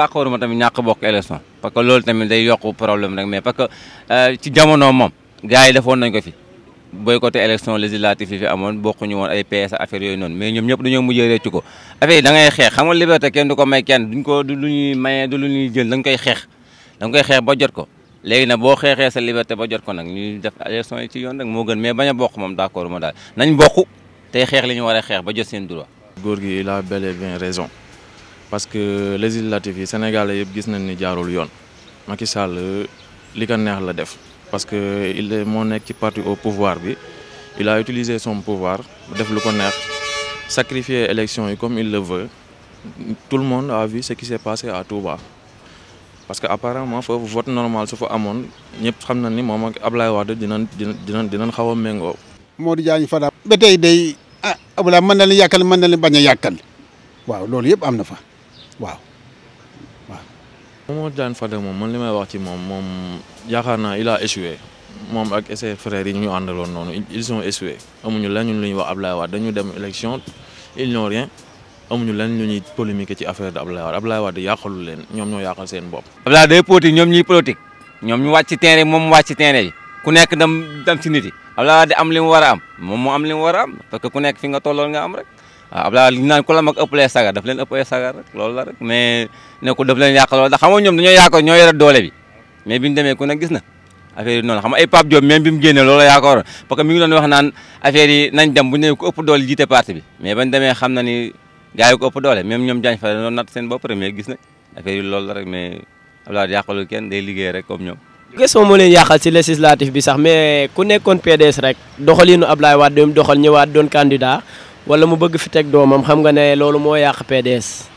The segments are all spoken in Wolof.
d'accord ma tamit ñàkk bokk élection parce que loolu tamit day yokk problème rek mais parce que euh, ci jamono moom gars defoon nañ ko fi boycotté élection législative yi fi amoon bokkuñu woon ay PS affaire yooyu noonu mais ñoom ñëpp dañoo mujjee réccu ko affaire yi da ngay xeex xam liberté kenn du ko may kenn du lu ñuy jël dañ koy xeex ba jot ko léegi nag boo xeexee sa liberté ba jot ko nag ñuy yi ci yoon rek moo gën mais bañ a bokk moom parce que législative yi Sénégalais yëpp gis nañ ni jaarul yoon Macky Sall li ko neex la def parce que il est moo nekk ci parti au pouvoir bi il a utilisé son pouvoir def lu ko neex sacrifier élection yi comme il le veut tout le monde a vu ce qui s'est passé à Touba. parce que apparemment faut vote normal su fa amone ñep xam nañ ni mom ak Ablaye Wade dinañ dinañ dinañ xaw a méngoo. Modou Diagne Fada. ba tey day ah Ablaye mën na leen yàkkal mën na leen bañ a waaw loolu yëpp am na fa. waaw waaw. Momar Diagne Fada moom man li may wax ci moom moom yaakaar naa il a moom ak ses frères yi ñu àndaloon noonu ils ont échoué amuñu lan ñun lu ñuy wax Ablaye Wade dañu dem élection ils n'ont rien amuñu lan lu ñuy polémique ci affaire de Ablaye Wade Ablaye Wade yàqalu leen ñoom ñoo yàqal seen bopp. Ablaye day politique ñoom ñuy politique ñoom ñu wàcc ci terrain moom mu wàcc ci terrain bi ku nekk dam dem ci nit yi Ablaye Wade am li mu war a am moom moo am li mu war que ku nekk fi nga tolloon nga am rek. waaw ah, Abdoulaye li ñu naan ku kenn day liggéey rek comme ñoom question moo leen yàqal ci législatif bi sax mais ku nekkoon PDS rek doxaliinu Abdoulaye Wade doom doxal ñëwaat doon candidat wala mu bëgg fi teg doomam xam nga ne loolu moo yàq PDS.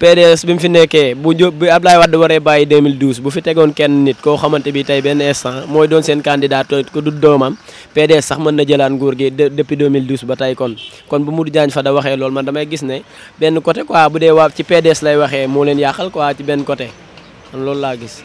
PDS bi mu fi nekkee bu jo bi Abdoulaye Wade waree bàyyi 2012 bu fi tegoon kenn nit koo xamante bi tey benn instant mooy doon seen candidat ko du doomam PDS sax mën na jëlaat nguur gi depuis 2012 ba tey kon kon bu Modou fa da waxee loolu man damay gis ne benn côté quoi bu dee waa ci PDS lay waxee moo leen yàqal quoi ci benn côté kon loolu laa gis.